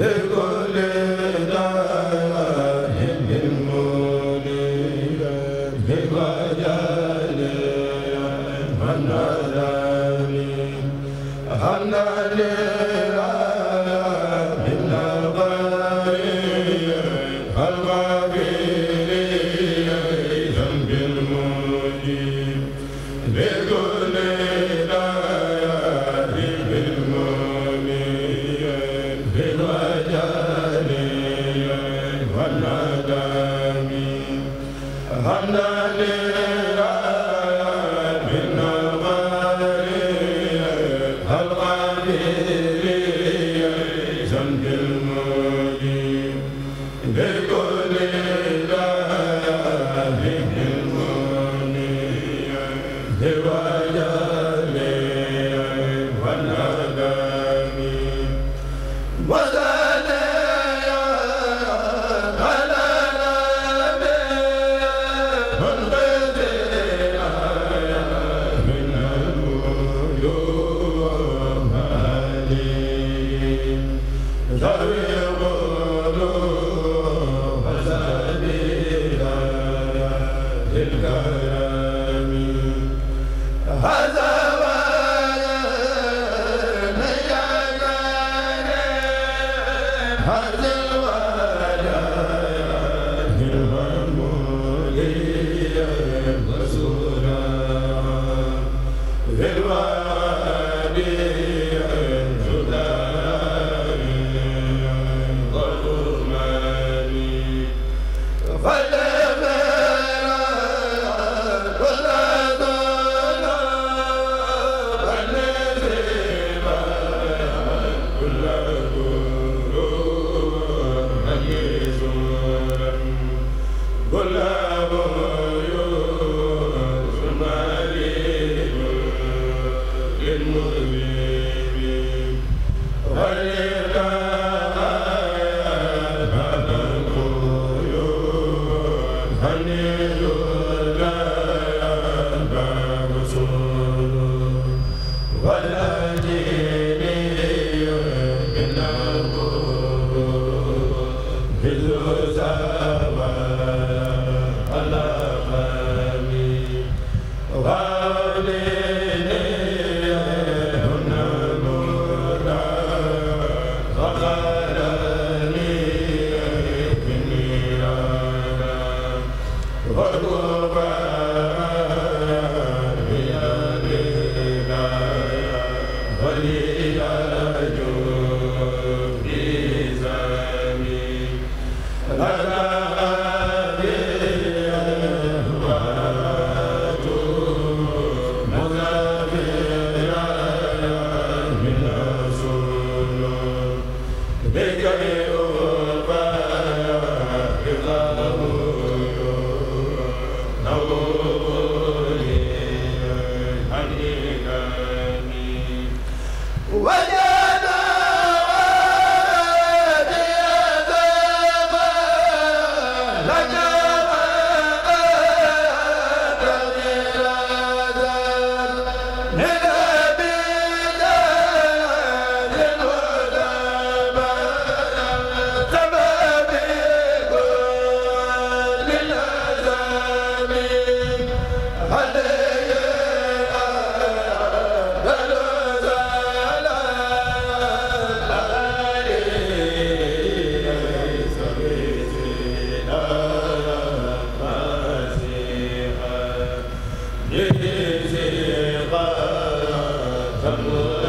la la wala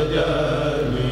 jami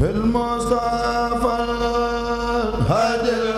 بالمصطفى هدى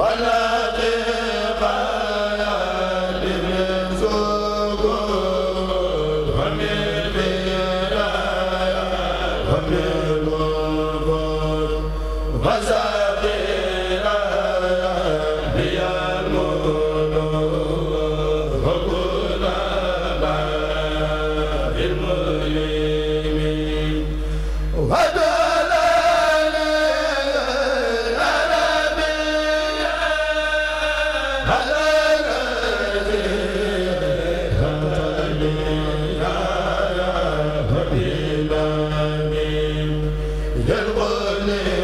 wala ne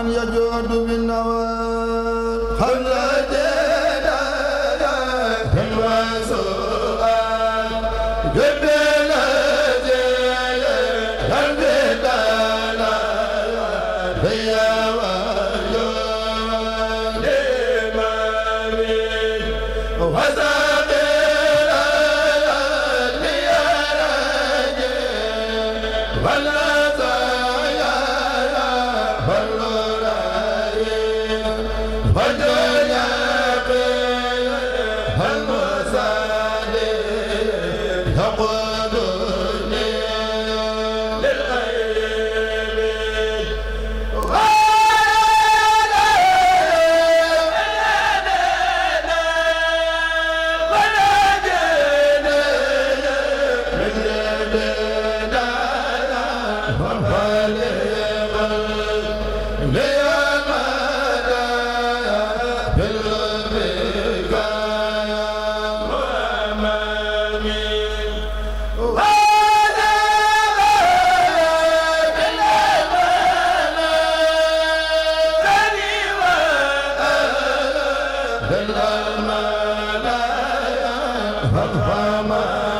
ومن يجود بالنوار خلى جدا الملائكة فارحمها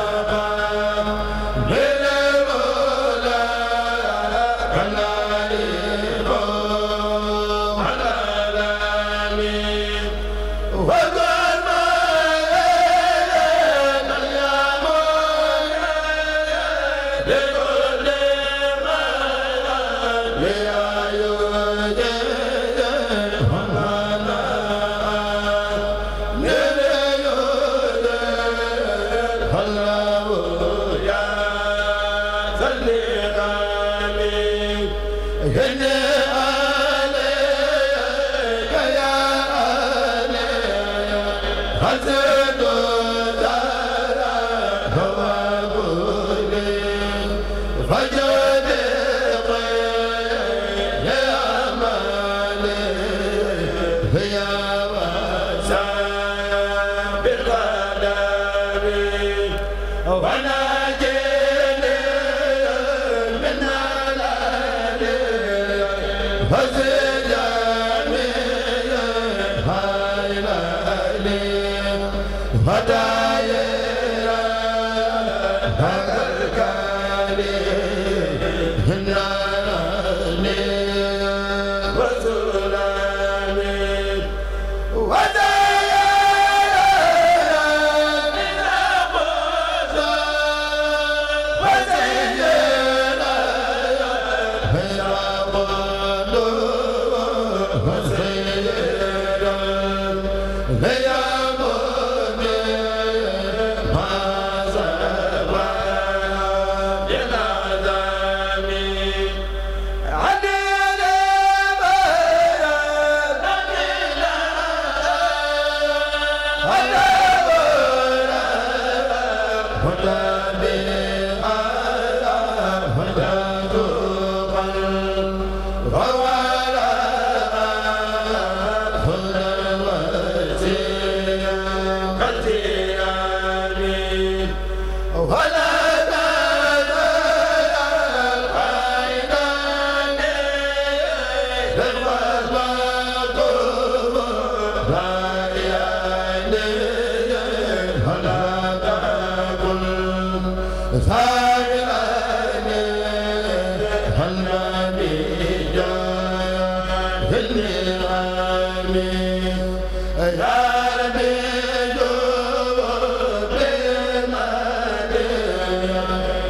hata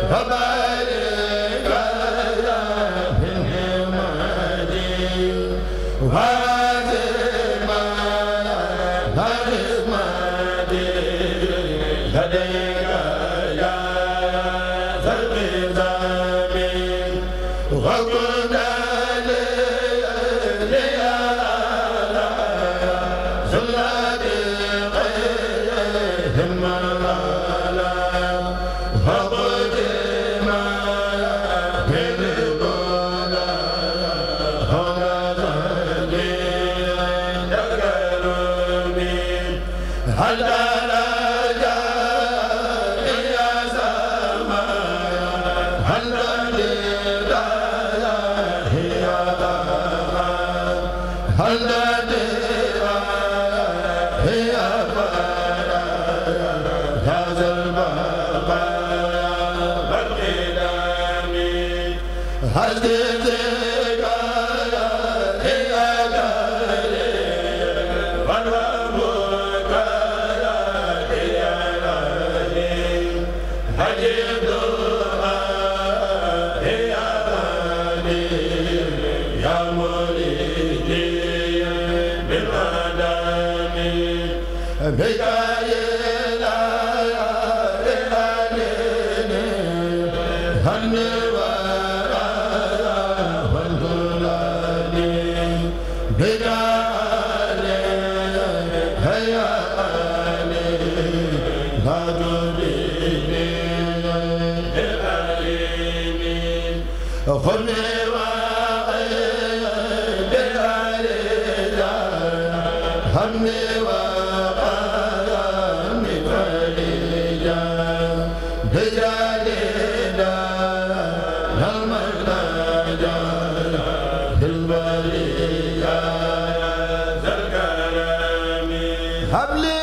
Haba bika habli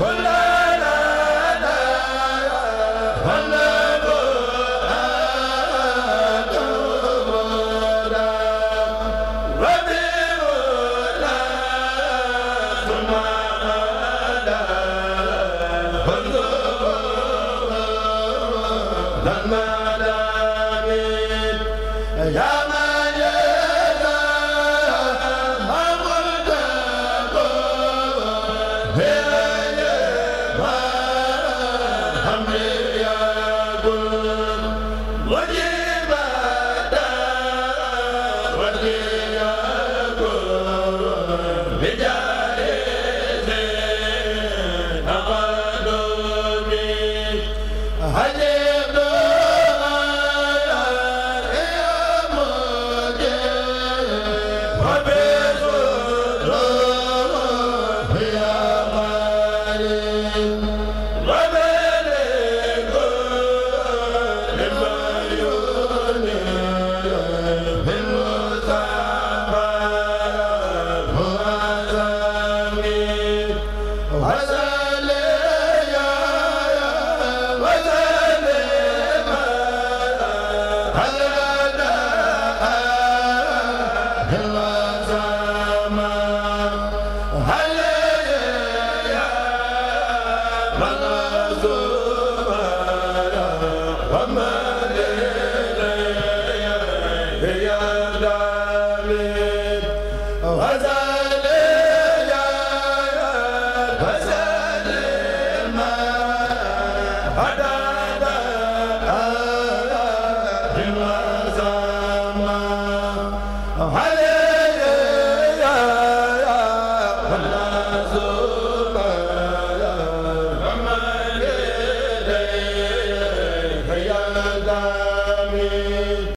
wala